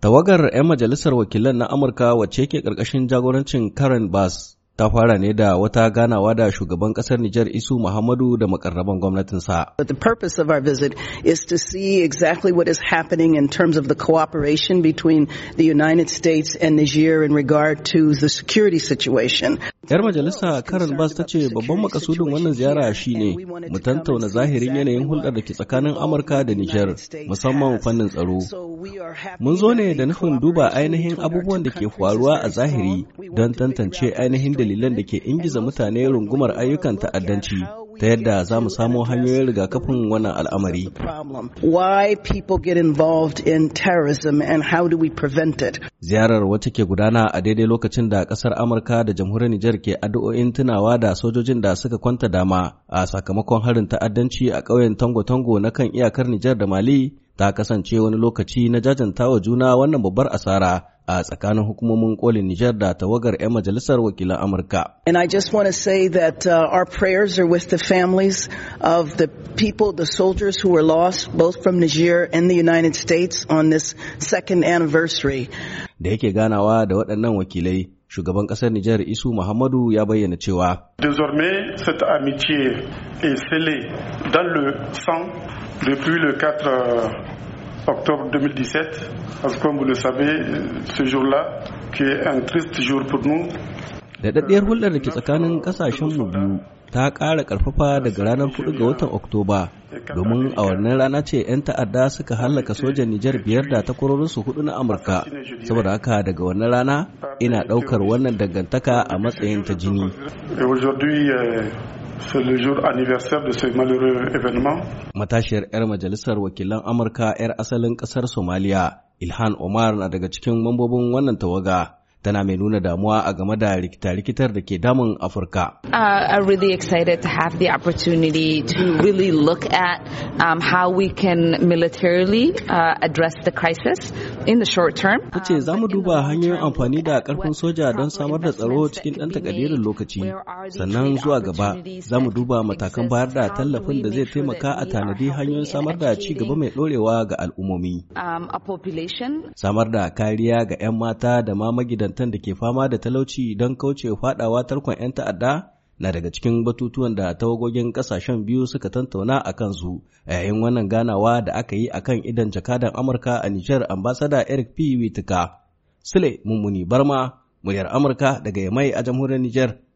Tawagar 'yan majalisar wakilan na Amurka wacce ke ƙarƙashin jagorancin Karen Bass ta fara ne da wata ganawa da shugaban kasar Nijar Isu Muhammadu da makarraban gwamnatinsa. the purpose of our visit is to see exactly what is happening in terms of the cooperation between the United States and Niger in regard to the security situation. Yar majalisa Karen Bass ta ce babban makasudin wannan ziyara shine mu tantauna zahirin yanayin hulɗar da ke tsakanin Amurka da Nijar musamman fannin tsaro. Mun zo ne da nufin duba ainihin abubuwan da ke faruwa a zahiri don tantance ainihin dalilan da ke ingiza mutane rungumar ayyukan ta'addanci ta yadda za mu samo hanyoyin rigakafin wannan al'amari. Why get involved in terrorism and how do we Ziyarar wacce ke gudana a daidai lokacin da kasar Amurka da jamhuriyar Nijar ke addu'o'in tunawa da sojojin da suka kwanta dama a sakamakon harin ta'addanci a ƙauyen Tango-Tango na kan iyakar Nijar da Mali ta kasance wani lokaci na jajanta wa juna wannan babbar asara a tsakanin hukumomin kolin Nijar da tawagar 'yan majalisar wakilan Amurka. And I just want to say that uh, our prayers are with the families of the people, the soldiers who were lost both from Niger and the United States on this second anniversary. Da yake ganawa da waɗannan wakilai, shugaban ƙasar Nijar Isu Muhammadu ya bayyana cewa. Désormais, cette amitié est scellée dans le sang depuis le 4 euh, octobre 2017, parce que comme vous le savez, ce jour-là, qui est un triste jour pour nous. Da daɗaɗɗiyar hulɗar da ke tsakanin ƙasashen mu biyu ta ƙara ƙarfafa daga ranar 4 ga watan Oktoba domin a wannan rana ce 'yan ta'adda suka hallaka sojan Nijar biyar da takwarorinsu hudu na Amurka. Saboda haka daga wannan rana ina ɗaukar wannan dangantaka a matsayin ta jini. Euh, Matashiyar 'yar majalisar wakilan Amurka 'yar asalin ƙasar Somaliya, Ilhan Omar na daga cikin mambobin wannan tawaga. tana mai nuna damuwa a game da rikita-rikitar da ke damun Afirka. Uh, I'm really excited to have the opportunity to really look at um, how we can militarily uh, the crisis in the short term. za mu um, duba hanyoyin amfani da karfin soja don samar da tsaro cikin ɗan takadirin lokaci. Sannan zuwa gaba za mu duba matakan bayar da tallafin da zai taimaka a tanadi hanyoyin samar da ci gaba mai ɗorewa ga al'ummomi. Um, samar da kariya ga 'yan mata da ma magidanta ma'aikatan da ke fama da talauci don kauce fadawa tarkon 'yan ta'adda na daga cikin batutuwan da tawagogin kasashen biyu suka tantauna a kansu a yayin wannan ganawa da aka yi a kan idan jakadan amurka a nijar ambasada eric p witika sule mummuni barma muryar amurka daga yamai a jamhuriyar nijar